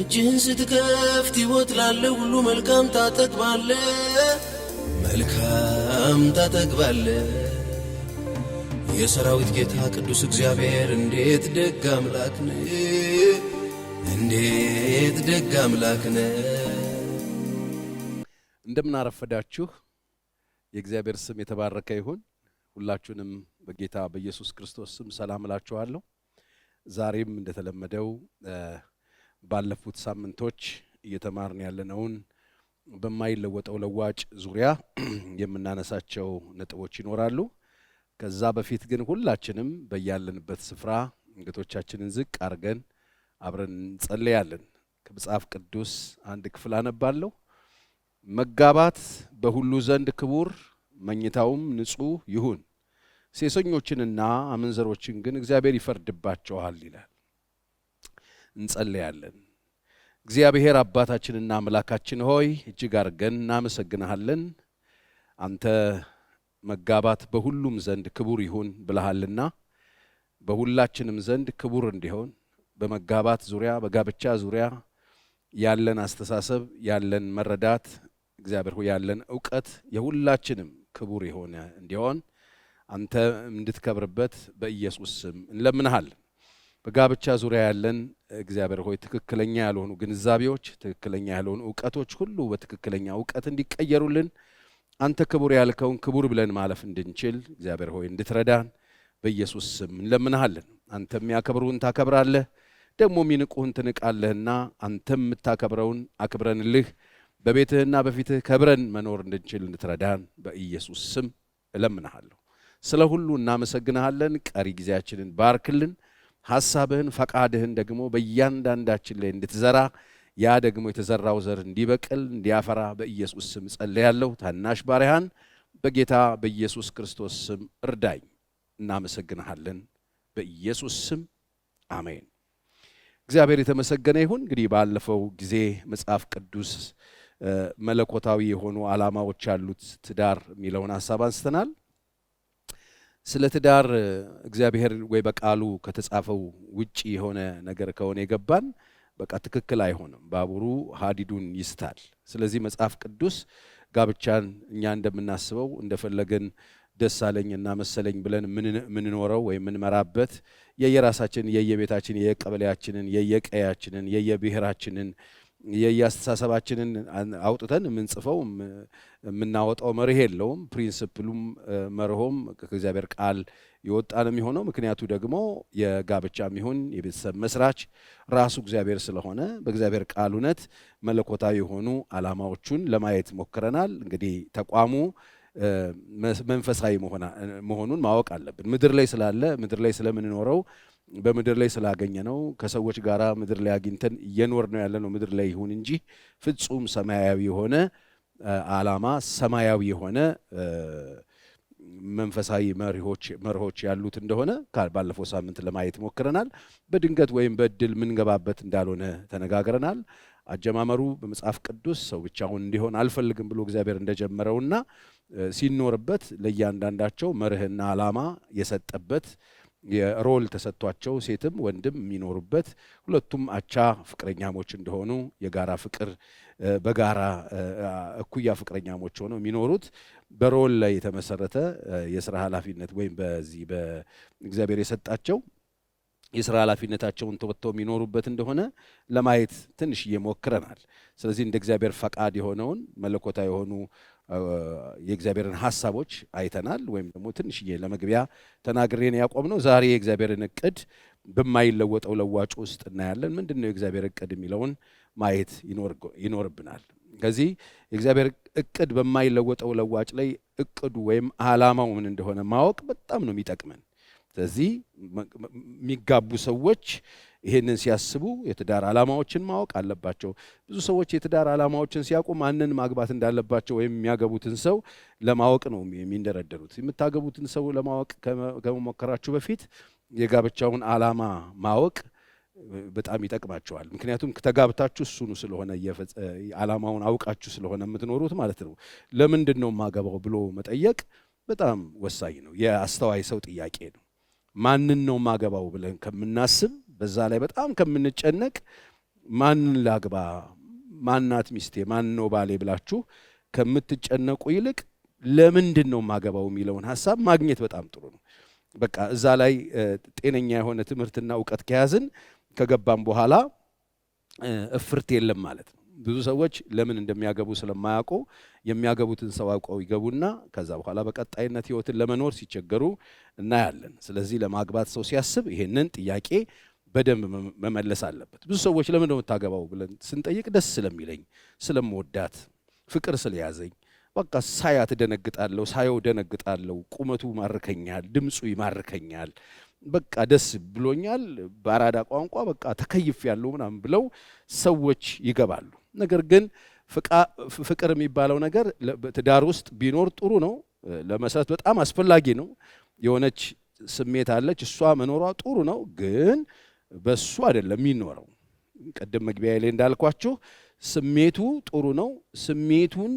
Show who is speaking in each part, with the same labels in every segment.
Speaker 1: እጅህን ስትከፍት ሕይወት ላለ ሁሉ መልካም ታጠግባለ፣ መልካም ታጠግባለ። የሰራዊት ጌታ ቅዱስ እግዚአብሔር እንዴት ደግ አምላክ ነ እንዴት ደግ አምላክ ነ። እንደምናረፈዳችሁ የእግዚአብሔር ስም የተባረከ ይሁን። ሁላችሁንም በጌታ በኢየሱስ ክርስቶስ ስም ሰላም እላችኋለሁ። ዛሬም እንደተለመደው ባለፉት ሳምንቶች እየተማርን ያለነውን በማይለወጠው ለዋጭ ዙሪያ የምናነሳቸው ነጥቦች ይኖራሉ። ከዛ በፊት ግን ሁላችንም በያለንበት ስፍራ እንገቶቻችንን ዝቅ አድርገን አብረን እንጸለያለን። ከመጽሐፍ ቅዱስ አንድ ክፍል አነባለሁ። መጋባት በሁሉ ዘንድ ክቡር መኝታውም ንጹሕ ይሁን፣ ሴሰኞችንና አመንዘሮችን ግን እግዚአብሔር ይፈርድባቸዋል ይላል። እንጸለያለን። እግዚአብሔር አባታችንና አምላካችን ሆይ እጅግ አርገን እናመሰግንሃለን። አንተ መጋባት በሁሉም ዘንድ ክቡር ይሁን ብለሃልና በሁላችንም ዘንድ ክቡር እንዲሆን በመጋባት ዙሪያ በጋብቻ ዙሪያ ያለን አስተሳሰብ ያለን መረዳት እግዚአብሔር ሆይ ያለን እውቀት የሁላችንም ክቡር የሆነ እንዲሆን አንተ እንድትከብርበት በኢየሱስ ስም እንለምንሃል። በጋብቻ ዙሪያ ያለን እግዚአብሔር ሆይ ትክክለኛ ያልሆኑ ግንዛቤዎች፣ ትክክለኛ ያልሆኑ እውቀቶች ሁሉ በትክክለኛ እውቀት እንዲቀየሩልን አንተ ክቡር ያልከውን ክቡር ብለን ማለፍ እንድንችል እግዚአብሔር ሆይ እንድትረዳን በኢየሱስ ስም እንለምናሃለን። አንተ የሚያከብሩህን ታከብራለህ፣ ደግሞ የሚንቁህን ትንቃለህና አንተም የምታከብረውን አክብረንልህ በቤትህና በፊትህ ከብረን መኖር እንድንችል እንድትረዳን በኢየሱስ ስም እለምንሃለሁ። ስለ ሁሉ እናመሰግንሃለን። ቀሪ ጊዜያችንን ባርክልን። ሐሳብህን ፈቃድህን ደግሞ በእያንዳንዳችን ላይ እንድትዘራ ያ ደግሞ የተዘራው ዘር እንዲበቅል እንዲያፈራ በኢየሱስ ስም ጸልያለሁ። ታናሽ ባሪያህን በጌታ በኢየሱስ ክርስቶስ ስም እርዳኝ። እናመሰግንሃለን። በኢየሱስ ስም አሜን። እግዚአብሔር የተመሰገነ ይሁን። እንግዲህ ባለፈው ጊዜ መጽሐፍ ቅዱስ መለኮታዊ የሆኑ ዓላማዎች ያሉት ትዳር የሚለውን ሀሳብ አንስተናል። ስለ ትዳር እግዚአብሔር ወይ በቃሉ ከተጻፈው ውጭ የሆነ ነገር ከሆነ የገባን በቃ ትክክል አይሆንም። ባቡሩ ሀዲዱን ይስታል። ስለዚህ መጽሐፍ ቅዱስ ጋብቻን እኛ እንደምናስበው እንደፈለገን ደስ አለኝ እና መሰለኝ ብለን ምንኖረው ወይም የምንመራበት የየራሳችን የየቤታችን የየቀበሌያችንን የየቀያችንን የየብሔራችንን የየአስተሳሰባችንን አውጥተን የምንጽፈው የምናወጣው መርህ የለውም። ፕሪንስፕሉም መርሆም ከእግዚአብሔር ቃል የወጣ ነው የሚሆነው። ምክንያቱ ደግሞ የጋብቻ የሚሆን የቤተሰብ መስራች ራሱ እግዚአብሔር ስለሆነ በእግዚአብሔር ቃል እውነት መለኮታዊ የሆኑ ዓላማዎቹን ለማየት ሞክረናል። እንግዲህ ተቋሙ መንፈሳዊ መሆኑን ማወቅ አለብን። ምድር ላይ ስላለ ምድር ላይ ስለምንኖረው በምድር ላይ ስላገኘ ነው ከሰዎች ጋር ምድር ላይ አግኝተን እየኖር ነው ያለ ነው ምድር ላይ ይሁን እንጂ ፍጹም ሰማያዊ የሆነ ዓላማ ሰማያዊ የሆነ መንፈሳዊ መርሆች ያሉት እንደሆነ ባለፈው ሳምንት ለማየት ሞክረናል። በድንገት ወይም በእድል ምንገባበት እንዳልሆነ ተነጋግረናል። አጀማመሩ በመጽሐፍ ቅዱስ ሰው ብቻውን እንዲሆን አልፈልግም ብሎ እግዚአብሔር እንደጀመረውና ሲኖርበት ለእያንዳንዳቸው መርህና ዓላማ የሰጠበት የሮል ተሰጥቷቸው ሴትም ወንድም የሚኖሩበት ሁለቱም አቻ ፍቅረኛሞች እንደሆኑ የጋራ ፍቅር በጋራ እኩያ ፍቅረኛሞች ሆነው የሚኖሩት በሮል ላይ የተመሰረተ የስራ ኃላፊነት ወይም በዚህ በእግዚአብሔር የሰጣቸው የስራ ኃላፊነታቸውን ተወጥተው የሚኖሩበት እንደሆነ ለማየት ትንሽ እየሞክረናል። ስለዚህ እንደ እግዚአብሔር ፈቃድ የሆነውን መለኮታ የሆኑ የእግዚአብሔርን ሀሳቦች አይተናል። ወይም ደግሞ ትንሽዬ ለመግቢያ ተናግሬን ያቆም ነው። ዛሬ የእግዚአብሔርን እቅድ በማይለወጠው ለዋጭ ውስጥ እናያለን። ምንድን ነው የእግዚአብሔር እቅድ የሚለውን ማየት ይኖርብናል። ከዚህ የእግዚአብሔር እቅድ በማይለወጠው ለዋጭ ላይ እቅዱ ወይም አላማው ምን እንደሆነ ማወቅ በጣም ነው የሚጠቅመን። ስለዚህ የሚጋቡ ሰዎች ይሄንን ሲያስቡ የትዳር ዓላማዎችን ማወቅ አለባቸው። ብዙ ሰዎች የትዳር ዓላማዎችን ሲያውቁ ማንን ማግባት እንዳለባቸው ወይም የሚያገቡትን ሰው ለማወቅ ነው የሚንደረደሩት። የምታገቡትን ሰው ለማወቅ ከመሞከራችሁ በፊት የጋብቻውን ዓላማ ማወቅ በጣም ይጠቅማቸዋል። ምክንያቱም ተጋብታችሁ እሱኑ ስለሆነ ዓላማውን አውቃችሁ ስለሆነ የምትኖሩት ማለት ነው። ለምንድን ነው የማገባው ብሎ መጠየቅ በጣም ወሳኝ ነው። የአስተዋይ ሰው ጥያቄ ነው። ማንን ነው የማገባው ብለን ከምናስብ በዛ ላይ በጣም ከምንጨነቅ ማን ላግባ፣ ማናት ሚስቴ፣ ማን ነው ባሌ ብላችሁ ከምትጨነቁ ይልቅ ለምንድን ነው የማገባው የሚለውን ሀሳብ ማግኘት በጣም ጥሩ ነው። በቃ እዛ ላይ ጤነኛ የሆነ ትምህርትና እውቀት ከያዝን ከገባም በኋላ እፍርት የለም ማለት ነው። ብዙ ሰዎች ለምን እንደሚያገቡ ስለማያውቁ የሚያገቡትን ሰው አውቀው ይገቡና ከዛ በኋላ በቀጣይነት ህይወትን ለመኖር ሲቸገሩ እናያለን። ስለዚህ ለማግባት ሰው ሲያስብ ይሄንን ጥያቄ በደንብ መመለስ አለበት። ብዙ ሰዎች ለምን ነው የምታገባው ብለን ስንጠይቅ ደስ ስለሚለኝ፣ ስለምወዳት፣ ፍቅር ስለያዘኝ በቃ ሳያት ደነግጣለሁ፣ ሳየው ደነግጣለሁ፣ ቁመቱ ይማርከኛል፣ ድምፁ ይማርከኛል፣ በቃ ደስ ብሎኛል፣ በአራዳ ቋንቋ በቃ ተከይፍ ያለው ምናምን ብለው ሰዎች ይገባሉ። ነገር ግን ፍቅር የሚባለው ነገር ትዳር ውስጥ ቢኖር ጥሩ ነው። ለመሰረት በጣም አስፈላጊ ነው። የሆነች ስሜት አለች፣ እሷ መኖሯ ጥሩ ነው ግን በሱ አይደለም የሚኖረው። ቀደም መግቢያ ላይ እንዳልኳችሁ ስሜቱ ጥሩ ነው። ስሜቱን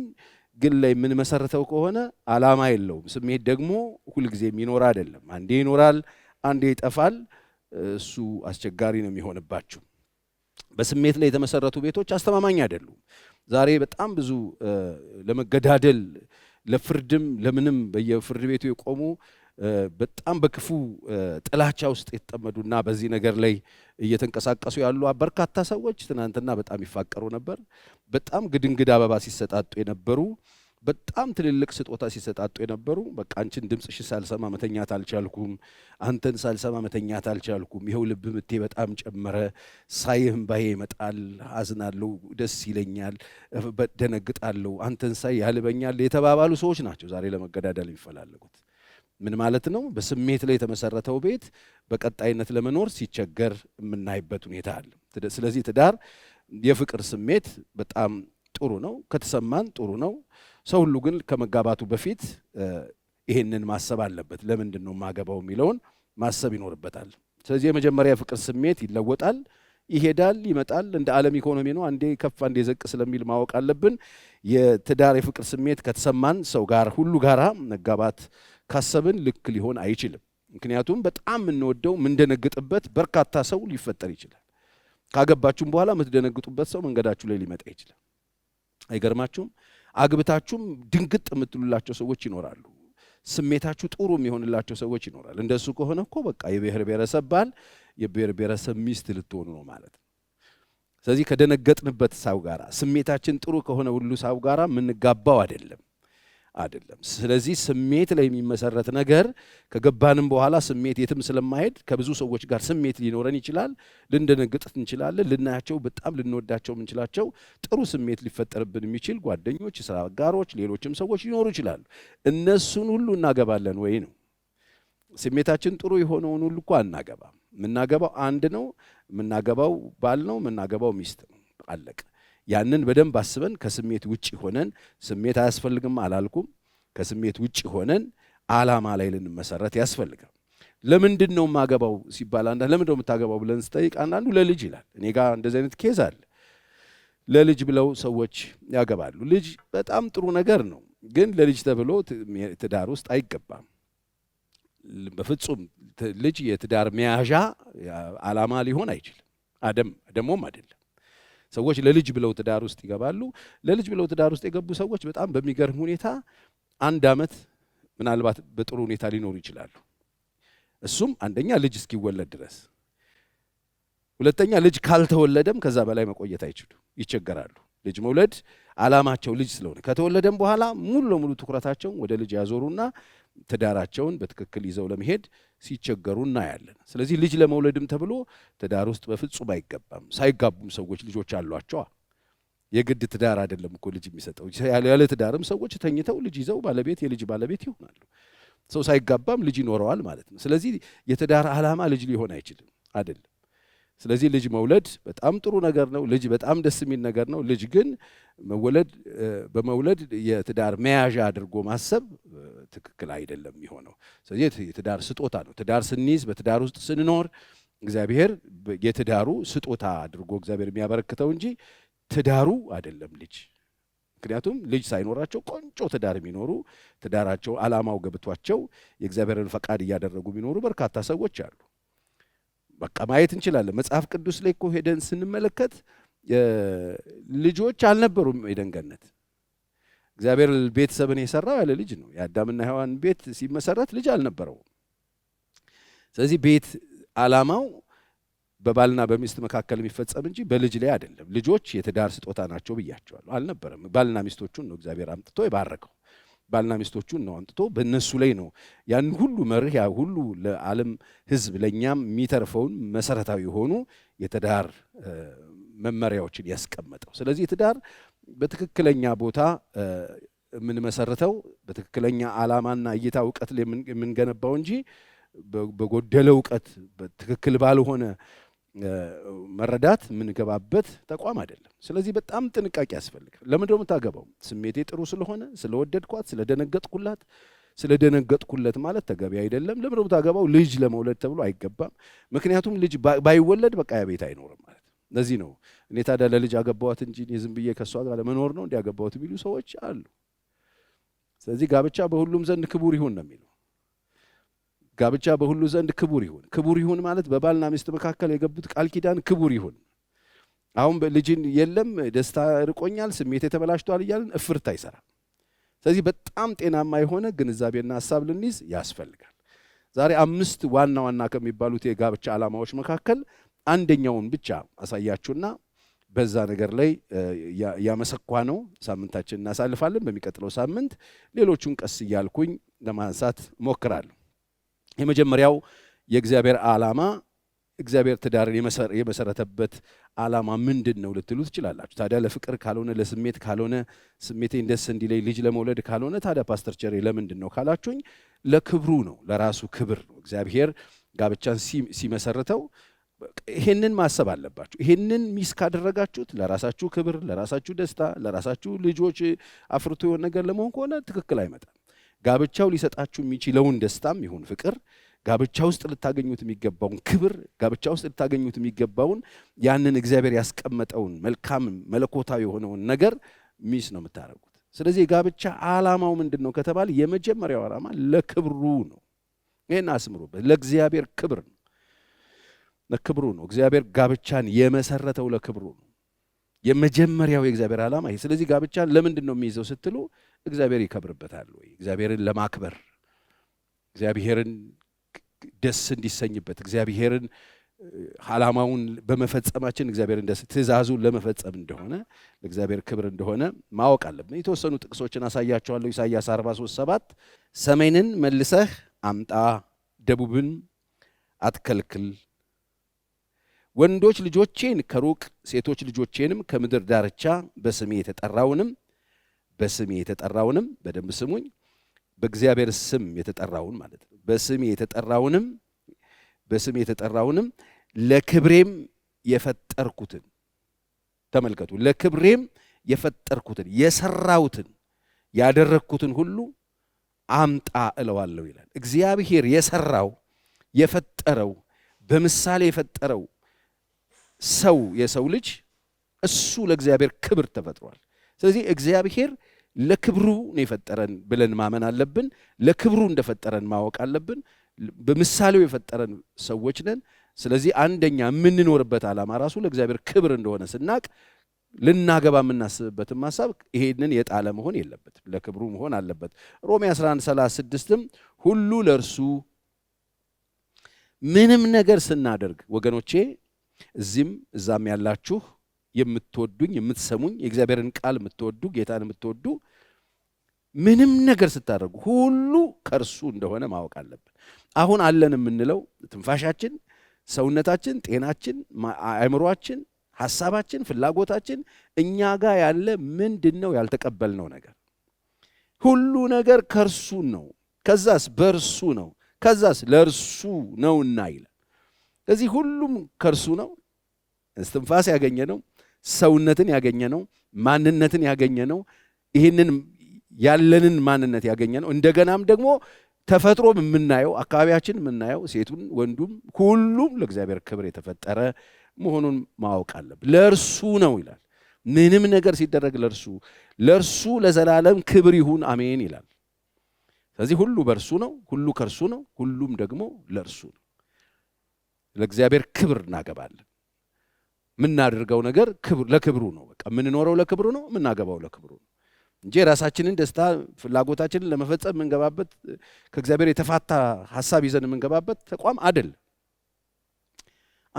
Speaker 1: ግን ላይ የምንመሰረተው ከሆነ አላማ የለውም። ስሜት ደግሞ ሁልጊዜ የሚኖር አይደለም። አንዴ ይኖራል፣ አንዴ ይጠፋል። እሱ አስቸጋሪ ነው የሚሆንባችሁ። በስሜት ላይ የተመሰረቱ ቤቶች አስተማማኝ አይደሉም። ዛሬ በጣም ብዙ ለመገዳደል ለፍርድም ለምንም በየፍርድ ቤቱ የቆሙ በጣም በክፉ ጥላቻ ውስጥ የተጠመዱና በዚህ ነገር ላይ እየተንቀሳቀሱ ያሉ በርካታ ሰዎች ትናንትና በጣም ይፋቀሩ ነበር። በጣም ግድንግድ አበባ ሲሰጣጡ የነበሩ፣ በጣም ትልልቅ ስጦታ ሲሰጣጡ የነበሩ በቃ አንቺን ድምፅሽ ሳልሰማ መተኛት አልቻልኩም፣ አንተን ሳልሰማ መተኛት አልቻልኩም፣ ይኸው ልብ ምቴ በጣም ጨመረ፣ ሳይህ እምባዬ ይመጣል፣ አዝናለሁ፣ ደስ ይለኛል፣ ደነግጣለሁ፣ አንተን ሳይ ያልበኛል የተባባሉ ሰዎች ናቸው ዛሬ ለመገዳደል የሚፈላለጉት። ምን ማለት ነው? በስሜት ላይ የተመሰረተው ቤት በቀጣይነት ለመኖር ሲቸገር የምናይበት ሁኔታ አለ። ስለዚህ ትዳር የፍቅር ስሜት በጣም ጥሩ ነው፣ ከተሰማን ጥሩ ነው። ሰው ሁሉ ግን ከመጋባቱ በፊት ይሄንን ማሰብ አለበት። ለምንድን ነው ማገባው የሚለውን ማሰብ ይኖርበታል። ስለዚህ የመጀመሪያ የፍቅር ስሜት ይለወጣል፣ ይሄዳል፣ ይመጣል። እንደ ዓለም ኢኮኖሚ ነው፣ አንዴ ከፍ አንዴ ዘቅ ስለሚል ማወቅ አለብን። የትዳር የፍቅር ስሜት ከተሰማን ሰው ጋር ሁሉ ጋራ መጋባት ካሰብን ልክ ሊሆን አይችልም። ምክንያቱም በጣም የምንወደው የምንደነግጥበት በርካታ ሰው ሊፈጠር ይችላል። ካገባችሁም በኋላ የምትደነግጡበት ሰው መንገዳችሁ ላይ ሊመጣ ይችላል። አይገርማችሁም? አግብታችሁም ድንግጥ የምትሉላቸው ሰዎች ይኖራሉ። ስሜታችሁ ጥሩ የሚሆንላቸው ሰዎች ይኖራል። እንደሱ ከሆነ እኮ በቃ የብሔር ብሔረሰብ ባል የብሔር ብሔረሰብ ሚስት ልትሆኑ ነው ማለት ነው። ስለዚህ ከደነገጥንበት ሰው ጋራ ስሜታችን ጥሩ ከሆነ ሁሉ ሰው ጋራ የምንጋባው አይደለም። አይደለም። ስለዚህ ስሜት ላይ የሚመሰረት ነገር ከገባንም በኋላ ስሜት የትም ስለማሄድ ከብዙ ሰዎች ጋር ስሜት ሊኖረን ይችላል። ልንደነግጥ እንችላለን። ልናያቸው በጣም ልንወዳቸው የምንችላቸው ጥሩ ስሜት ሊፈጠርብን የሚችል ጓደኞች፣ ስራ አጋሮች፣ ሌሎችም ሰዎች ሊኖሩ ይችላሉ። እነሱን ሁሉ እናገባለን ወይ ነው። ስሜታችን ጥሩ የሆነውን ሁሉ እኮ አናገባም። የምናገባው አንድ ነው። የምናገባው ባል ነው። የምናገባው ሚስት ነው። አለቀ። ያንን በደንብ አስበን ከስሜት ውጭ ሆነን ስሜት አያስፈልግም አላልኩም። ከስሜት ውጭ ሆነን ዓላማ ላይ ልንመሰረት ያስፈልጋል። ለምንድን ነው የማገባው ሲባል አንዳንድ ለምንድ ነው የምታገባው ብለን ስጠይቅ አንዳንዱ ለልጅ ይላል። እኔ ጋር እንደዚህ አይነት ኬዝ አለ። ለልጅ ብለው ሰዎች ያገባሉ። ልጅ በጣም ጥሩ ነገር ነው፣ ግን ለልጅ ተብሎ ትዳር ውስጥ አይገባም። በፍጹም ልጅ የትዳር መያዣ ዓላማ ሊሆን አይችልም። አደም ደግሞም አይደለም። ሰዎች ለልጅ ብለው ትዳር ውስጥ ይገባሉ። ለልጅ ብለው ትዳር ውስጥ የገቡ ሰዎች በጣም በሚገርም ሁኔታ አንድ ዓመት ምናልባት በጥሩ ሁኔታ ሊኖሩ ይችላሉ። እሱም አንደኛ ልጅ እስኪወለድ ድረስ፣ ሁለተኛ ልጅ ካልተወለደም ከዛ በላይ መቆየት አይችሉ ይቸገራሉ። ልጅ መውለድ አላማቸው ልጅ ስለሆነ ከተወለደም በኋላ ሙሉ ለሙሉ ትኩረታቸውን ወደ ልጅ ያዞሩና ትዳራቸውን በትክክል ይዘው ለመሄድ ሲቸገሩ እናያለን። ስለዚህ ልጅ ለመውለድም ተብሎ ትዳር ውስጥ በፍጹም አይገባም። ሳይጋቡም ሰዎች ልጆች አሏቸዋ። የግድ ትዳር አይደለም እኮ ልጅ የሚሰጠው። ያለ ትዳርም ሰዎች ተኝተው ልጅ ይዘው ባለቤት የልጅ ባለቤት ይሆናሉ። ሰው ሳይጋባም ልጅ ይኖረዋል ማለት ነው። ስለዚህ የትዳር ዓላማ ልጅ ሊሆን አይችልም አይደለም። ስለዚህ ልጅ መውለድ በጣም ጥሩ ነገር ነው። ልጅ በጣም ደስ የሚል ነገር ነው። ልጅ ግን መወለድ በመውለድ የትዳር መያዣ አድርጎ ማሰብ ትክክል አይደለም የሚሆነው። ስለዚህ የትዳር ስጦታ ነው። ትዳር ስንይዝ፣ በትዳር ውስጥ ስንኖር እግዚአብሔር የትዳሩ ስጦታ አድርጎ እግዚአብሔር የሚያበረክተው እንጂ ትዳሩ አይደለም ልጅ። ምክንያቱም ልጅ ሳይኖራቸው ቆንጆ ትዳር የሚኖሩ ትዳራቸው ዓላማው ገብቷቸው የእግዚአብሔርን ፈቃድ እያደረጉ የሚኖሩ በርካታ ሰዎች አሉ። በቃ ማየት እንችላለን። መጽሐፍ ቅዱስ ላይ እኮ ሄደን ስንመለከት ልጆች አልነበሩም ኤደን ገነት። እግዚአብሔር ቤተሰብን የሰራው ያለ ልጅ ነው። የአዳምና ሔዋን ቤት ሲመሰረት ልጅ አልነበረውም። ስለዚህ ቤት ዓላማው በባልና በሚስት መካከል የሚፈጸም እንጂ በልጅ ላይ አይደለም። ልጆች የትዳር ስጦታ ናቸው ብያቸዋለሁ። አልነበረም። ባልና ሚስቶቹን ነው እግዚአብሔር አምጥቶ የባረከው። ባልና ሚስቶቹን ነው አንጥቶ በእነሱ ላይ ነው ያን ሁሉ መርህ ያ ሁሉ ለዓለም ሕዝብ ለእኛም የሚተርፈውን መሰረታዊ የሆኑ የትዳር መመሪያዎችን ያስቀመጠው። ስለዚህ ትዳር በትክክለኛ ቦታ የምንመሰርተው በትክክለኛ ዓላማና እይታ እውቀት የምንገነባው እንጂ በጎደለ እውቀት በትክክል ባልሆነ መረዳት የምንገባበት ተቋም አይደለም። ስለዚህ በጣም ጥንቃቄ ያስፈልጋል። ለምንድነው የምታገባው? ስሜቴ ጥሩ ስለሆነ ስለወደድኳት፣ ስለደነገጥኩላት ስለደነገጥኩለት ማለት ተገቢ አይደለም። ለምን የምታገባው? ልጅ ለመውለድ ተብሎ አይገባም። ምክንያቱም ልጅ ባይወለድ በቃ ያ ቤት አይኖርም ማለት ለዚህ ነው እኔ ታዲያ ለልጅ አገባዋት እንጂ ዝም ብዬ ከእሷ ጋር ለመኖር ነው እንዲያገባዋት የሚሉ ሰዎች አሉ። ስለዚህ ጋብቻ በሁሉም ዘንድ ክቡር ይሁን ነው የሚለው። ጋብቻ በሁሉ ዘንድ ክቡር ይሁን። ክቡር ይሁን ማለት በባልና ሚስት መካከል የገቡት ቃል ኪዳን ክቡር ይሁን። አሁን ልጅን የለም ደስታ ርቆኛል፣ ስሜት የተበላሽቷል እያልን እፍርት አይሰራም። ስለዚህ በጣም ጤናማ የሆነ ግንዛቤና ሀሳብ ልንይዝ ያስፈልጋል። ዛሬ አምስት ዋና ዋና ከሚባሉት የጋብቻ ዓላማዎች መካከል አንደኛውን ብቻ አሳያችሁና በዛ ነገር ላይ ያመሰኳ ነው ሳምንታችን እናሳልፋለን። በሚቀጥለው ሳምንት ሌሎቹን ቀስ እያልኩኝ ለማንሳት እሞክራለሁ። የመጀመሪያው የእግዚአብሔር ዓላማ እግዚአብሔር ትዳርን የመሰረተበት ዓላማ ምንድን ነው ልትሉ ትችላላችሁ። ታዲያ ለፍቅር ካልሆነ ለስሜት ካልሆነ ስሜቴን ደስ እንዲላይ ልጅ ለመውለድ ካልሆነ ታዲያ ፓስተር ቸሬ ለምንድን ነው ካላችሁኝ፣ ለክብሩ ነው፣ ለራሱ ክብር ነው። እግዚአብሔር ጋብቻን ሲመሰርተው ይሄንን ማሰብ አለባችሁ። ይሄንን ሚስ ካደረጋችሁት ለራሳችሁ ክብር፣ ለራሳችሁ ደስታ፣ ለራሳችሁ ልጆች አፍርቶ የሆነ ነገር ለመሆን ከሆነ ትክክል አይመጣም። ጋብቻው ሊሰጣችሁ የሚችለውን ደስታም ይሁን ፍቅር ጋብቻ ውስጥ ልታገኙት የሚገባውን ክብር ጋብቻ ውስጥ ልታገኙት የሚገባውን ያንን እግዚአብሔር ያስቀመጠውን መልካም መለኮታዊ የሆነውን ነገር ሚስ ነው የምታደርጉት። ስለዚህ ጋብቻ ዓላማው ምንድን ነው ከተባለ የመጀመሪያው ዓላማ ለክብሩ ነው። ይህን አስምሩበት። ለእግዚአብሔር ክብር ነው፣ ለክብሩ ነው። እግዚአብሔር ጋብቻን የመሰረተው ለክብሩ ነው። የመጀመሪያው የእግዚአብሔር ዓላማ ይሄ። ስለዚህ ጋብቻን ለምንድን ነው የሚይዘው ስትሉ እግዚአብሔር ይከብርበታል ወይ? እግዚአብሔርን ለማክበር እግዚአብሔርን ደስ እንዲሰኝበት እግዚአብሔርን ዓላማውን በመፈጸማችን እግዚአብሔር ደስ ትእዛዙን ለመፈጸም እንደሆነ ለእግዚአብሔር ክብር እንደሆነ ማወቅ አለብን። የተወሰኑ ጥቅሶችን አሳያቸዋለሁ። ኢሳያስ 43 ሰባት ሰሜንን መልሰህ አምጣ፣ ደቡብን አትከልክል ወንዶች ልጆቼን ከሩቅ ሴቶች ልጆቼንም ከምድር ዳርቻ በስሜ የተጠራውንም በስሜ የተጠራውንም በደንብ ስሙኝ፣ በእግዚአብሔር ስም የተጠራውን ማለት ነው። በስሜ የተጠራውንም በስሜ የተጠራውንም ለክብሬም የፈጠርኩትን ተመልከቱ፣ ለክብሬም የፈጠርኩትን የሰራሁትን ያደረግኩትን ሁሉ አምጣ እለዋለሁ ይላል። እግዚአብሔር የሰራው የፈጠረው በምሳሌ የፈጠረው ሰው የሰው ልጅ እሱ ለእግዚአብሔር ክብር ተፈጥሯል። ስለዚህ እግዚአብሔር ለክብሩ ነው የፈጠረን ብለን ማመን አለብን። ለክብሩ እንደፈጠረን ማወቅ አለብን። በምሳሌው የፈጠረን ሰዎች ነን። ስለዚህ አንደኛ የምንኖርበት ዓላማ ራሱ ለእግዚአብሔር ክብር እንደሆነ ስናቅ ልናገባ የምናስብበትም ሀሳብ ይሄንን የጣለ መሆን የለበትም። ለክብሩ መሆን አለበት። ሮሜ 11፥36ም ሁሉ ለእርሱ ምንም ነገር ስናደርግ ወገኖቼ፣ እዚህም እዛም ያላችሁ የምትወዱኝ የምትሰሙኝ የእግዚአብሔርን ቃል የምትወዱ ጌታን የምትወዱ ምንም ነገር ስታደርጉ ሁሉ ከእርሱ እንደሆነ ማወቅ አለብን። አሁን አለን የምንለው ትንፋሻችን፣ ሰውነታችን፣ ጤናችን፣ አእምሯችን፣ ሀሳባችን፣ ፍላጎታችን እኛ ጋር ያለ ምንድን ነው ያልተቀበልነው ነገር ሁሉ ነገር ከእርሱ ነው። ከዛስ በእርሱ ነው። ከዛስ ለእርሱ ነውና ይለ እዚህ ሁሉም ከእርሱ ነው። እስትንፋስ ያገኘ ነው። ሰውነትን ያገኘ ነው። ማንነትን ያገኘ ነው። ይህንን ያለንን ማንነት ያገኘ ነው። እንደገናም ደግሞ ተፈጥሮ የምናየው አካባቢያችን የምናየው ሴቱን፣ ወንዱም ሁሉም ለእግዚአብሔር ክብር የተፈጠረ መሆኑን ማወቅ አለብን። ለእርሱ ነው ይላል። ምንም ነገር ሲደረግ ለእርሱ ለእርሱ ለዘላለም ክብር ይሁን አሜን ይላል። ስለዚህ ሁሉ በእርሱ ነው፣ ሁሉ ከእርሱ ነው፣ ሁሉም ደግሞ ለእርሱ ነው። ለእግዚአብሔር ክብር እናገባለን። የምናደርገው ነገር ለክብሩ ነው። በቃ የምንኖረው ለክብሩ ነው፣ የምናገባው ለክብሩ ነው እንጂ የራሳችንን ደስታ ፍላጎታችንን ለመፈጸም የምንገባበት ከእግዚአብሔር የተፋታ ሀሳብ ይዘን የምንገባበት ተቋም አይደለም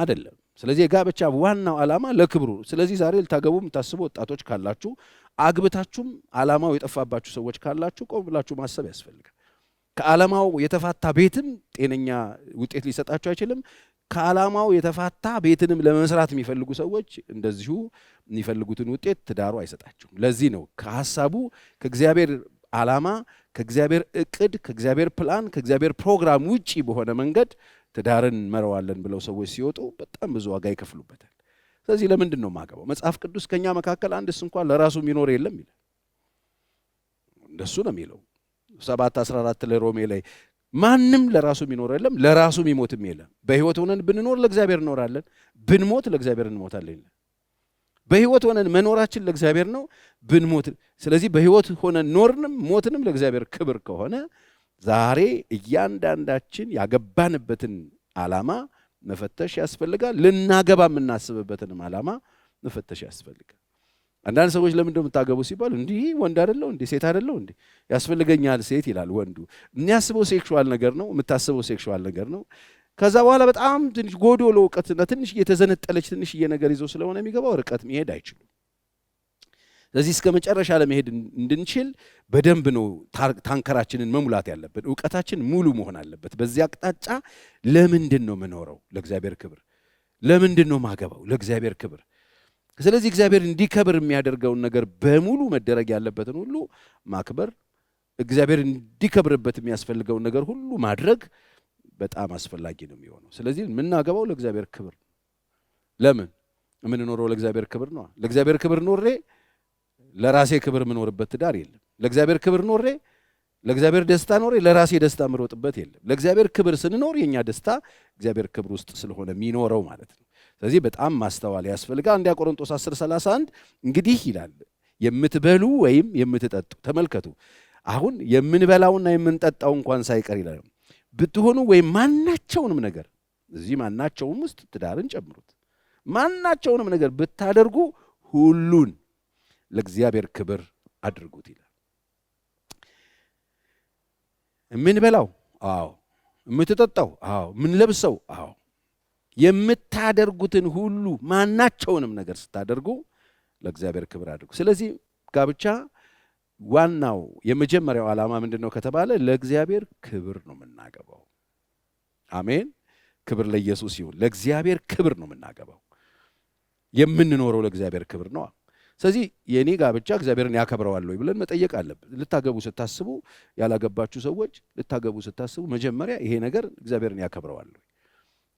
Speaker 1: አይደለም። ስለዚህ የጋብቻ ዋናው ዓላማ ለክብሩ። ስለዚህ ዛሬ ልታገቡ የምታስቡ ወጣቶች ካላችሁ፣ አግብታችሁም ዓላማው የጠፋባችሁ ሰዎች ካላችሁ ቆም ብላችሁ ማሰብ ያስፈልጋል። ከዓላማው የተፋታ ቤትም ጤነኛ ውጤት ሊሰጣችሁ አይችልም። ከዓላማው የተፋታ ቤትንም ለመስራት የሚፈልጉ ሰዎች እንደዚሁ የሚፈልጉትን ውጤት ትዳሩ አይሰጣቸውም። ለዚህ ነው ከሀሳቡ ከእግዚአብሔር ዓላማ ከእግዚአብሔር እቅድ ከእግዚአብሔር ፕላን ከእግዚአብሔር ፕሮግራም ውጪ በሆነ መንገድ ትዳርን መረዋለን ብለው ሰዎች ሲወጡ በጣም ብዙ ዋጋ ይከፍሉበታል። ስለዚህ ለምንድን ነው የማገባው? መጽሐፍ ቅዱስ ከእኛ መካከል አንድስ እንኳን ለራሱ የሚኖር የለም ይላል። እንደሱ ነው የሚለው ሰባት አስራ አራት ለሮሜ ላይ ማንም ለራሱ የሚኖር የለም፣ ለራሱ የሚሞትም የለም። በህይወት ሆነን ብንኖር ለእግዚአብሔር እንኖራለን፣ ብንሞት ለእግዚአብሔር እንሞታለን። በህይወት ሆነን መኖራችን ለእግዚአብሔር ነው፣ ብንሞት። ስለዚህ በህይወት ሆነን ኖርንም ሞትንም ለእግዚአብሔር ክብር ከሆነ ዛሬ እያንዳንዳችን ያገባንበትን ዓላማ መፈተሽ ያስፈልጋል። ልናገባ የምናስብበትንም ዓላማ መፈተሽ ያስፈልጋል። አንዳንድ ሰዎች ለምን እንደምታገቡ የምታገቡ ሲባል እንዲህ ወንድ አደለው እንዲህ ሴት አደለው እንዲህ ያስፈልገኛል ሴት ይላል ወንዱ። የሚያስበው ሴክሹዋል ነገር ነው፣ የምታስበው ሴክሹዋል ነገር ነው። ከዛ በኋላ በጣም ትንሽ ጎዶሎ እውቀትና ትንሽ እየተዘነጠለች ትንሽ እየነገር ይዞ ስለሆነ የሚገባው ርቀት መሄድ አይችሉም። ስለዚህ እስከ መጨረሻ ለመሄድ እንድንችል በደንብ ነው ታንከራችንን መሙላት ያለብን። እውቀታችን ሙሉ መሆን አለበት። በዚህ አቅጣጫ ለምንድን ነው የምኖረው? ለእግዚአብሔር ክብር። ለምንድን ነው ማገባው? ለእግዚአብሔር ክብር ስለዚህ እግዚአብሔር እንዲከብር የሚያደርገውን ነገር በሙሉ መደረግ ያለበትን ሁሉ ማክበር፣ እግዚአብሔር እንዲከብርበት የሚያስፈልገውን ነገር ሁሉ ማድረግ በጣም አስፈላጊ ነው የሚሆነው። ስለዚህ የምናገባው ለእግዚአብሔር ክብር ለምን የምንኖረው ለእግዚአብሔር ክብር ነው። ለእግዚአብሔር ክብር ኖሬ ለራሴ ክብር የምኖርበት ትዳር የለም። ለእግዚአብሔር ክብር ኖሬ ለእግዚአብሔር ደስታ ኖሬ ለራሴ ደስታ ምሮጥበት የለም። ለእግዚአብሔር ክብር ስንኖር የእኛ ደስታ እግዚአብሔር ክብር ውስጥ ስለሆነ የሚኖረው ማለት ነው። ስለዚህ በጣም ማስተዋል ያስፈልጋል። አንደኛ ቆሮንጦስ 10 31 እንግዲህ ይላል የምትበሉ ወይም የምትጠጡ ተመልከቱ። አሁን የምንበላውና የምንጠጣው እንኳን ሳይቀር ይላል ብትሆኑ ወይም ማናቸውንም ነገር እዚህ ማናቸውም ውስጥ ትዳርን ጨምሩት ማናቸውንም ነገር ብታደርጉ ሁሉን ለእግዚአብሔር ክብር አድርጉት ይላል። የምንበላው አዎ፣ የምትጠጣው አዎ፣ የምንለብሰው አዎ የምታደርጉትን ሁሉ ማናቸውንም ነገር ስታደርጉ ለእግዚአብሔር ክብር አድርጉ። ስለዚህ ጋብቻ ዋናው የመጀመሪያው ዓላማ ምንድን ነው ከተባለ ለእግዚአብሔር ክብር ነው የምናገባው። አሜን። ክብር ለኢየሱስ ይሁን። ለእግዚአብሔር ክብር ነው የምናገባው። የምንኖረው ለእግዚአብሔር ክብር ነው። ስለዚህ የእኔ ጋብቻ እግዚአብሔርን ያከብረዋል ወይ ብለን መጠየቅ አለብን። ልታገቡ ስታስቡ፣ ያላገባችሁ ሰዎች ልታገቡ ስታስቡ መጀመሪያ ይሄ ነገር እግዚአብሔርን ያከብረዋል ወይ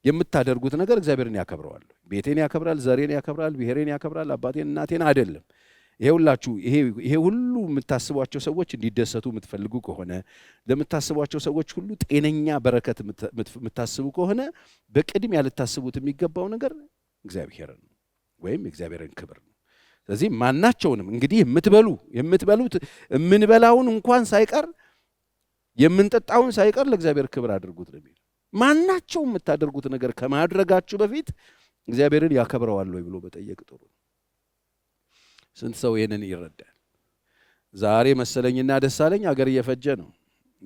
Speaker 1: የምታደርጉት ነገር እግዚአብሔርን ያከብረዋል። ቤቴን ያከብራል፣ ዘሬን ያከብራል፣ ብሔሬን ያከብራል፣ አባቴን እናቴን አይደለም። ይሄ ሁላችሁ ይሄ ሁሉ የምታስቧቸው ሰዎች እንዲደሰቱ የምትፈልጉ ከሆነ ለምታስቧቸው ሰዎች ሁሉ ጤነኛ በረከት የምታስቡ ከሆነ በቅድሚያ ልታስቡት የሚገባው ነገር እግዚአብሔርን ወይም የእግዚአብሔርን ክብር ነው። ስለዚህ ማናቸውንም እንግዲህ የምትበሉ የምትበሉት የምንበላውን እንኳን ሳይቀር የምንጠጣውን ሳይቀር ለእግዚአብሔር ክብር አድርጉት ነው የሚል ማናቸው የምታደርጉት ነገር ከማድረጋችሁ በፊት እግዚአብሔርን ያከብረዋል ወይ ብሎ በጠየቅ ጥሩ። ስንት ሰው ይህንን ይረዳል? ዛሬ መሰለኝና ደሳለኝ አገር እየፈጀ ነው።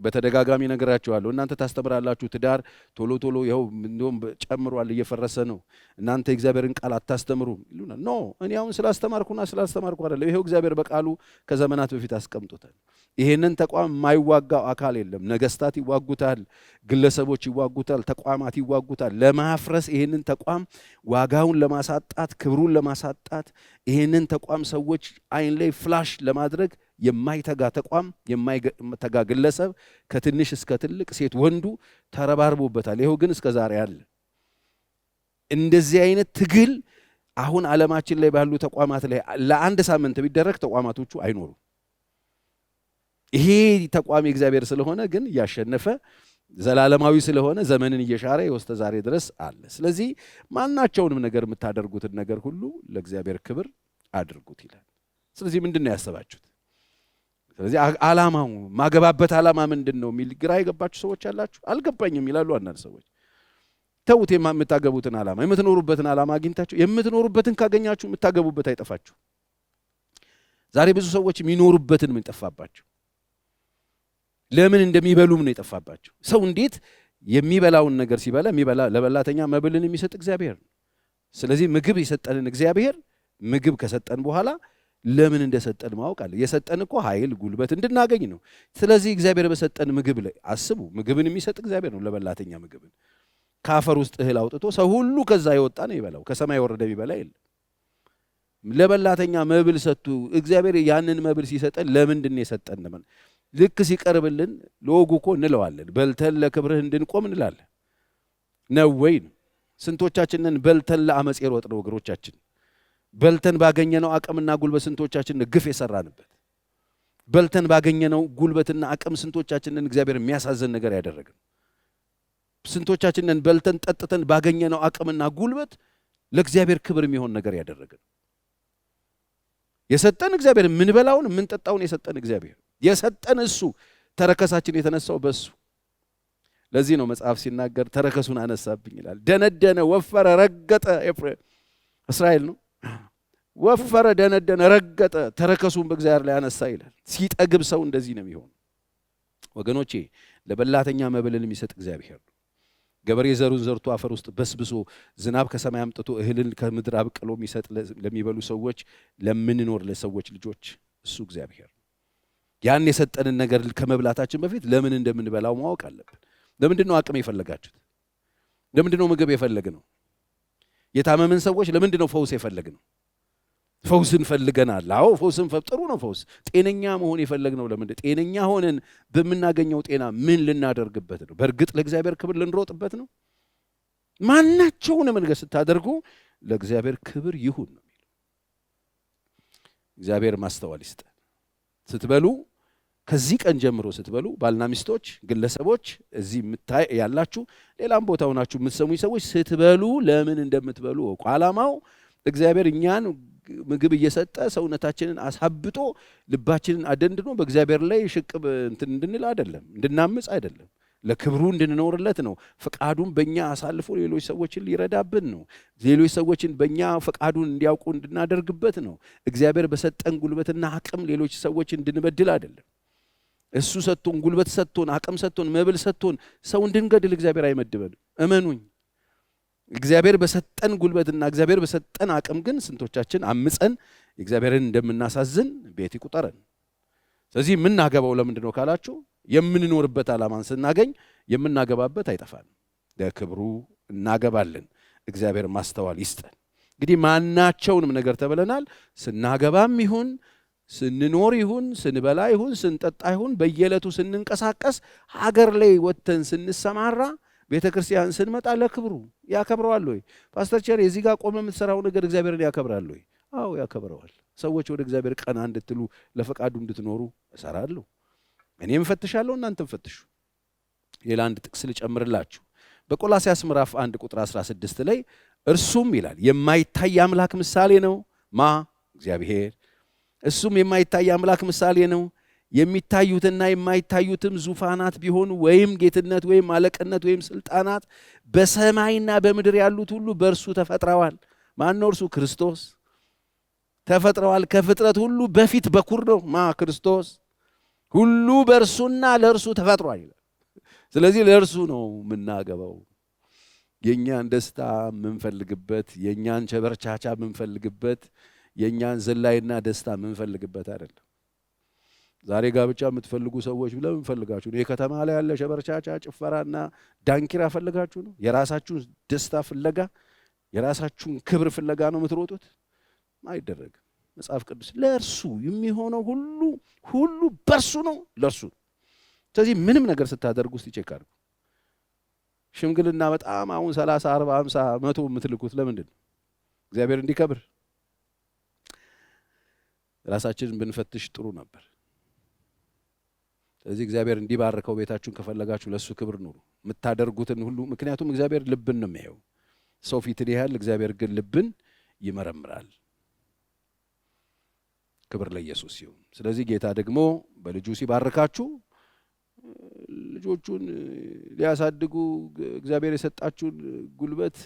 Speaker 1: በተደጋጋሚ ነገራችኋለሁ። እናንተ ታስተምራላችሁ፣ ትዳር ቶሎ ቶሎ ይኸው እንደውም ጨምሯል፣ እየፈረሰ ነው። እናንተ እግዚአብሔርን ቃል አታስተምሩም ይሉናል። ኖ እኔ አሁን ስላስተማርኩና ስላስተማርኩ አይደለም። ይኸው እግዚአብሔር በቃሉ ከዘመናት በፊት አስቀምጦታል። ይሄንን ተቋም የማይዋጋው አካል የለም። ነገስታት ይዋጉታል፣ ግለሰቦች ይዋጉታል፣ ተቋማት ይዋጉታል። ለማፍረስ ይሄንን ተቋም ዋጋውን ለማሳጣት፣ ክብሩን ለማሳጣት፣ ይሄንን ተቋም ሰዎች አይን ላይ ፍላሽ ለማድረግ የማይተጋ ተቋም፣ የማይተጋ ግለሰብ ከትንሽ እስከ ትልቅ ሴት ወንዱ ተረባርቦበታል። ይኸው ግን እስከ ዛሬ አለ። እንደዚህ አይነት ትግል አሁን ዓለማችን ላይ ባሉ ተቋማት ላይ ለአንድ ሳምንት ቢደረግ ተቋማቶቹ አይኖሩም። ይሄ ተቋም እግዚአብሔር ስለሆነ ግን እያሸነፈ ዘላለማዊ ስለሆነ ዘመንን እየሻረ የወስተ ዛሬ ድረስ አለ። ስለዚህ ማናቸውንም ነገር የምታደርጉትን ነገር ሁሉ ለእግዚአብሔር ክብር አድርጉት ይላል። ስለዚህ ምንድን ነው ያሰባችሁት? ስለዚህ አላማው ማገባበት አላማ ምንድን ነው የሚል ግራ የገባችሁ ሰዎች አላችሁ። አልገባኝም ይላሉ አንዳንድ ሰዎች። ተውት። የምታገቡትን አላማ የምትኖሩበትን አላማ አግኝታችሁ የምትኖሩበትን ካገኛችሁ የምታገቡበት አይጠፋችሁ። ዛሬ ብዙ ሰዎች የሚኖሩበትን ምን ጠፋባቸው፣ ለምን እንደሚበሉም ነው የጠፋባቸው። ሰው እንዴት የሚበላውን ነገር ሲበላ ለበላተኛ መብልን የሚሰጥ እግዚአብሔር ነው። ስለዚህ ምግብ የሰጠንን እግዚአብሔር ምግብ ከሰጠን በኋላ ለምን እንደሰጠን ማወቅ አለ። የሰጠን እኮ ኃይል ጉልበት እንድናገኝ ነው። ስለዚህ እግዚአብሔር በሰጠን ምግብ ላይ አስቡ። ምግብን የሚሰጥ እግዚአብሔር ነው። ለበላተኛ ምግብን ከአፈር ውስጥ እህል አውጥቶ ሰው ሁሉ ከዛ የወጣ ነው ይበላው። ከሰማይ ወረደ ቢበላ የለም። ለበላተኛ መብል ሰጡ። እግዚአብሔር ያንን መብል ሲሰጠን ለምንድን የሰጠን? ልክ ሲቀርብልን ለወጉ እኮ እንለዋለን። በልተን ለክብርህ እንድንቆም እንላለን። ነው ወይ? ስንቶቻችንን በልተን ለአመፅ የሮጥ ነው እግሮቻችን በልተን ባገኘነው አቅምና ጉልበት ስንቶቻችንን ግፍ የሰራንበት፣ በልተን ባገኘነው ጉልበትና አቅም ስንቶቻችንን እግዚአብሔር የሚያሳዝን ነገር ያደረግን፣ ስንቶቻችንን በልተን ጠጥተን ባገኘነው አቅምና ጉልበት ለእግዚአብሔር ክብር የሚሆን ነገር ያደረግን። የሰጠን እግዚአብሔር የምንበላውን የምንጠጣውን የሰጠን እግዚአብሔር የሰጠን እሱ፣ ተረከሳችን የተነሳው በእሱ። ለዚህ ነው መጽሐፍ ሲናገር ተረከሱን አነሳብኝ ይላል። ደነደነ፣ ወፈረ፣ ረገጠ። እስራኤል ነው ወፈረ፣ ደነደነ፣ ረገጠ፣ ተረከሱን በእግዚአብሔር ላይ አነሳ ይላል። ሲጠግብ ሰው እንደዚህ ነው የሚሆን። ወገኖቼ ለበላተኛ መብልን የሚሰጥ እግዚአብሔር ነው። ገበሬ ዘሩን ዘርቶ አፈር ውስጥ በስብሶ ዝናብ ከሰማይ አምጥቶ እህልን ከምድር አብቅሎ የሚሰጥ ለሚበሉ ሰዎች፣ ለምንኖር ለሰዎች ልጆች እሱ እግዚአብሔር ነው። ያን የሰጠንን ነገር ከመብላታችን በፊት ለምን እንደምንበላው ማወቅ አለብን። ለምንድን ነው አቅም የፈለጋችሁት? ለምንድን ነው ምግብ የፈለግ ነው? የታመምን ሰዎች ለምንድን ነው ፈውስ የፈለግ ነው? ፈውስን ፈልገናል። አዎ ፈውስን ጥሩ ነው። ፈውስ ጤነኛ መሆን የፈለግነው ለምንድን? ጤነኛ ሆነን በምናገኘው ጤና ምን ልናደርግበት ነው? በእርግጥ ለእግዚአብሔር ክብር ልንሮጥበት ነው። ማናቸውንም ነገር ስታደርጉ ለእግዚአብሔር ክብር ይሁን ነው የሚለው። እግዚአብሔር ማስተዋል ይስጠ። ስትበሉ፣ ከዚህ ቀን ጀምሮ ስትበሉ፣ ባልና ሚስቶች፣ ግለሰቦች፣ እዚህ ያላችሁ፣ ሌላም ቦታ ሆናችሁ የምትሰሙኝ ሰዎች ስትበሉ ለምን እንደምትበሉ እወቁ። ዓላማው እግዚአብሔር እኛን ምግብ እየሰጠ ሰውነታችንን አሳብጦ ልባችንን አደንድኖ በእግዚአብሔር ላይ ሽቅብ እንትን እንድንል አይደለም፣ እንድናምፅ አይደለም። ለክብሩ እንድንኖርለት ነው። ፈቃዱን በእኛ አሳልፎ ሌሎች ሰዎችን ሊረዳብን ነው። ሌሎች ሰዎችን በእኛ ፈቃዱን እንዲያውቁ እንድናደርግበት ነው። እግዚአብሔር በሰጠን ጉልበትና አቅም ሌሎች ሰዎች እንድንበድል አይደለም። እሱ ሰጥቶን፣ ጉልበት ሰጥቶን፣ አቅም ሰጥቶን፣ መብል ሰጥቶን ሰው እንድንገድል እግዚአብሔር አይመድበንም። እመኑኝ። እግዚአብሔር በሰጠን ጉልበትና እግዚአብሔር በሰጠን አቅም ግን ስንቶቻችን አምፀን እግዚአብሔርን እንደምናሳዝን ቤት ይቁጠረን። ስለዚህ የምናገባው ለምንድን ነው ካላችሁ የምንኖርበት ዓላማን ስናገኝ የምናገባበት አይጠፋን፣ ለክብሩ እናገባለን። እግዚአብሔር ማስተዋል ይስጠን። እንግዲህ ማናቸውንም ነገር ተብለናል። ስናገባም ይሁን ስንኖር ይሁን ስንበላ ይሁን ስንጠጣ ይሁን በየዕለቱ ስንንቀሳቀስ ሀገር ላይ ወጥተን ስንሰማራ ቤተ ክርስቲያን ስንመጣ ለክብሩ ያከብረዋል ወይ? ፓስተር ቸር የዚህ ጋር ቆመ የምትሰራው ነገር እግዚአብሔርን ያከብራል ወይ? አዎ ያከብረዋል። ሰዎች ወደ እግዚአብሔር ቀና እንድትሉ ለፈቃዱ እንድትኖሩ እሰራለሁ። እኔም እፈትሻለሁ፣ እናንተም ፈትሹ። ሌላ አንድ ጥቅስ ልጨምርላችሁ። በቆላሲያስ ምዕራፍ 1 ቁጥር 16 ላይ እርሱም ይላል የማይታይ አምላክ ምሳሌ ነው ማ እግዚአብሔር እሱም የማይታይ አምላክ ምሳሌ ነው የሚታዩትና የማይታዩትም ዙፋናት ቢሆኑ ወይም ጌትነት ወይም አለቅነት ወይም ስልጣናት በሰማይና በምድር ያሉት ሁሉ በእርሱ ተፈጥረዋል። ማን ነው? እርሱ ክርስቶስ ተፈጥረዋል። ከፍጥረት ሁሉ በፊት በኩር ነው። ማ ክርስቶስ ሁሉ በእርሱና ለእርሱ ተፈጥሯል ይላል። ስለዚህ ለእርሱ ነው የምናገባው። የእኛን ደስታ የምንፈልግበት፣ የእኛን ቸበርቻቻ የምንፈልግበት፣ የእኛን ዝላይና ደስታ የምንፈልግበት አይደለም። ዛሬ ጋብቻ የምትፈልጉ ሰዎች ለምን ፈልጋችሁ ነው? የከተማ ላይ ያለ ሸበርቻቻ ጭፈራና ዳንኪራ ፈልጋችሁ ነው? የራሳችሁን ደስታ ፍለጋ፣ የራሳችሁን ክብር ፍለጋ ነው የምትሮጡት? አይደረግም። መጽሐፍ ቅዱስ ለእርሱ የሚሆነው ሁሉ ሁሉ በእርሱ ነው፣ ለእርሱ ስለዚህ ምንም ነገር ስታደርጉ ውስጥ ይቼክ አድርጉ። ሽምግልና በጣም አሁን ሰላሳ አርባ ሃምሳ መቶ የምትልኩት ለምንድን ነው? እግዚአብሔር እንዲከብር ራሳችንን ብንፈትሽ ጥሩ ነበር። ስለዚህ እግዚአብሔር እንዲባርከው ቤታችሁን ከፈለጋችሁ ለእሱ ክብር ኑሩ፣ የምታደርጉትን ሁሉ። ምክንያቱም እግዚአብሔር ልብን ነው የሚያየው። ሰው ፊትን ያህል እግዚአብሔር ግን ልብን ይመረምራል። ክብር ለኢየሱስ ይሁን። ስለዚህ ጌታ ደግሞ በልጁ ሲባርካችሁ ልጆቹን ሊያሳድጉ እግዚአብሔር የሰጣችሁን ጉልበት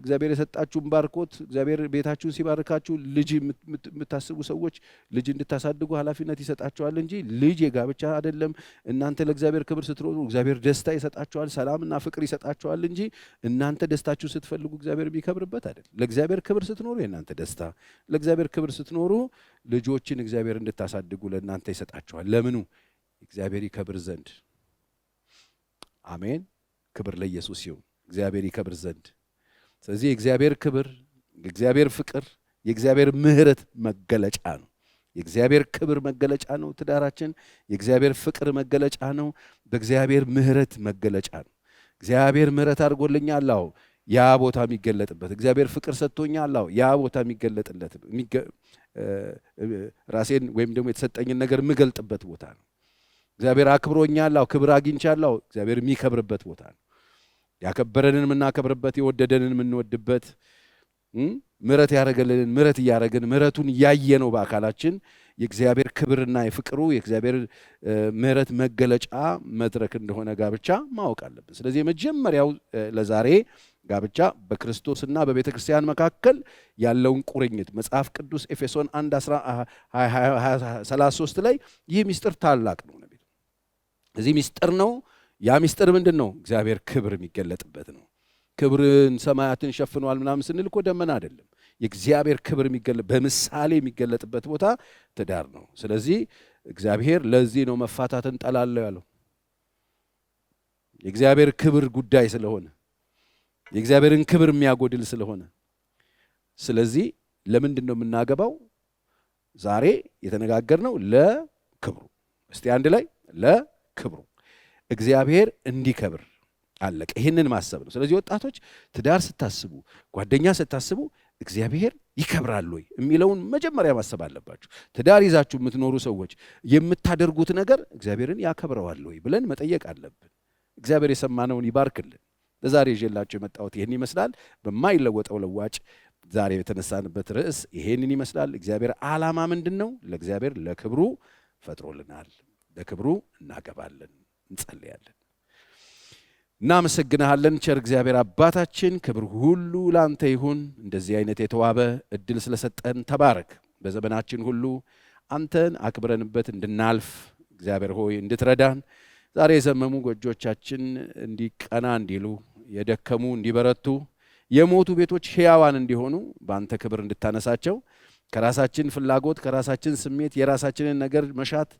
Speaker 1: እግዚአብሔር የሰጣችሁን ባርኮት እግዚአብሔር ቤታችሁን ሲባርካችሁ ልጅ የምታስቡ ሰዎች ልጅ እንድታሳድጉ ኃላፊነት ይሰጣችኋል እንጂ ልጅ የጋብቻ አይደለም። እናንተ ለእግዚአብሔር ክብር ስትሮጡ እግዚአብሔር ደስታ ይሰጣችኋል፣ ሰላምና ፍቅር ይሰጣችኋል እንጂ እናንተ ደስታችሁ ስትፈልጉ እግዚአብሔር የሚከብርበት አይደለም። ለእግዚአብሔር ክብር ስትኖሩ የእናንተ ደስታ፣ ለእግዚአብሔር ክብር ስትኖሩ ልጆችን እግዚአብሔር እንድታሳድጉ ለእናንተ ይሰጣችኋል። ለምኑ? እግዚአብሔር ይከብር ዘንድ። አሜን። ክብር ለኢየሱስ ይሁን። እግዚአብሔር ይከብር ዘንድ ስለዚህ የእግዚአብሔር ክብር፣ የእግዚአብሔር ፍቅር፣ የእግዚአብሔር ምህረት መገለጫ ነው። የእግዚአብሔር ክብር መገለጫ ነው ትዳራችን። የእግዚአብሔር ፍቅር መገለጫ ነው። በእግዚአብሔር ምህረት መገለጫ ነው። እግዚአብሔር ምሕረት አድርጎልኛል፣ አዎ ያ ቦታ የሚገለጥበት እግዚአብሔር ፍቅር ሰጥቶኛል፣ አዎ ያ ቦታ የሚገለጥለት ራሴን ወይም ደግሞ የተሰጠኝን ነገር የምገልጥበት ቦታ ነው። እግዚአብሔር አክብሮኛል፣ አዎ ክብር አግኝቻለሁ፣ እግዚአብሔር የሚከብርበት ቦታ ነው። ያከበረንን የምናከብርበት የወደደንን የምንወድበት ምረት ያደረገልንን ምረት እያደረግን ምረቱን ያየ ነው በአካላችን የእግዚአብሔር ክብርና የፍቅሩ የእግዚአብሔር ምረት መገለጫ መድረክ እንደሆነ ጋብቻ ማወቅ አለብን። ስለዚህ የመጀመሪያው ለዛሬ ጋብቻ በክርስቶስና በቤተ ክርስቲያን መካከል ያለውን ቁርኝት መጽሐፍ ቅዱስ ኤፌሶን 1:33 ላይ ይህ ምስጢር ታላቅ ነው። እዚህ ምስጢር ነው ያ ሚስጥር ምንድን ነው? እግዚአብሔር ክብር የሚገለጥበት ነው። ክብርን ሰማያትን ሸፍኗል ምናምን ስንል እኮ ደመና አይደለም። የእግዚአብሔር ክብር በምሳሌ የሚገለጥበት ቦታ ትዳር ነው። ስለዚህ እግዚአብሔር ለዚህ ነው መፋታትን እንጠላለሁ ያለው የእግዚአብሔር ክብር ጉዳይ ስለሆነ የእግዚአብሔርን ክብር የሚያጎድል ስለሆነ። ስለዚህ ለምንድን ነው የምናገባው? ዛሬ የተነጋገርነው ለክብሩ። እስቲ አንድ ላይ ለክብሩ እግዚአብሔር እንዲከብር አለቀ። ይህንን ማሰብ ነው። ስለዚህ ወጣቶች ትዳር ስታስቡ፣ ጓደኛ ስታስቡ እግዚአብሔር ይከብራል ወይ የሚለውን መጀመሪያ ማሰብ አለባችሁ። ትዳር ይዛችሁ የምትኖሩ ሰዎች የምታደርጉት ነገር እግዚአብሔርን ያከብረዋል ወይ ብለን መጠየቅ አለብን። እግዚአብሔር የሰማነውን ይባርክልን። ለዛሬ ይዤላችሁ የመጣሁት ይህን ይመስላል። በማይለወጠው ለዋጭ ዛሬ የተነሳንበት ርዕስ ይሄንን ይመስላል። እግዚአብሔር ዓላማ ምንድን ነው? ለእግዚአብሔር ለክብሩ ፈጥሮልናል። ለክብሩ እናገባለን። እንጸልያለን። እናመሰግንሃለን ቸር እግዚአብሔር አባታችን፣ ክብር ሁሉ ላንተ ይሁን። እንደዚህ አይነት የተዋበ እድል ስለሰጠን ተባረክ። በዘመናችን ሁሉ አንተን አክብረንበት እንድናልፍ እግዚአብሔር ሆይ እንድትረዳን፣ ዛሬ የዘመሙ ጎጆቻችን እንዲቀና እንዲሉ፣ የደከሙ እንዲበረቱ፣ የሞቱ ቤቶች ሕያዋን እንዲሆኑ በአንተ ክብር እንድታነሳቸው ከራሳችን ፍላጎት ከራሳችን ስሜት የራሳችንን ነገር መሻት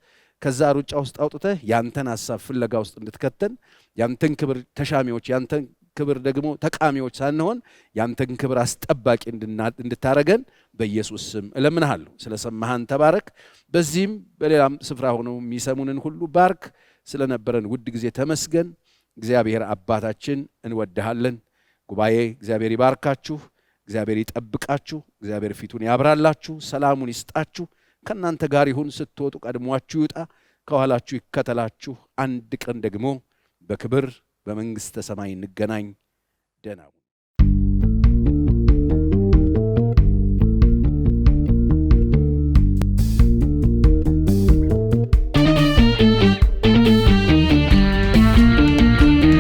Speaker 1: ከዛ ሩጫ ውስጥ አውጥተህ ያንተን ሀሳብ ፍለጋ ውስጥ እንድትከተን ያንተን ክብር ተሻሚዎች፣ ያንተን ክብር ደግሞ ተቃሚዎች ሳንሆን ያንተን ክብር አስጠባቂ እንድታረገን በኢየሱስ ስም እለምንሃለሁ። ሰማሃን ተባረክ። በዚህም በሌላም ስፍራ ሆነው የሚሰሙንን ሁሉ ባርክ። ስለነበረን ውድ ጊዜ ተመስገን። እግዚአብሔር አባታችን እንወድሃለን። ጉባኤ እግዚአብሔር ይባርካችሁ፣ እግዚአብሔር ይጠብቃችሁ፣ እግዚአብሔር ፊቱን ያብራላችሁ፣ ሰላሙን ይስጣችሁ። ከእናንተ ጋር ይሁን። ስትወጡ ቀድሟችሁ ይውጣ፣ ከኋላችሁ ይከተላችሁ። አንድ ቀን ደግሞ በክብር በመንግሥተ ሰማይ እንገናኝ። ደናው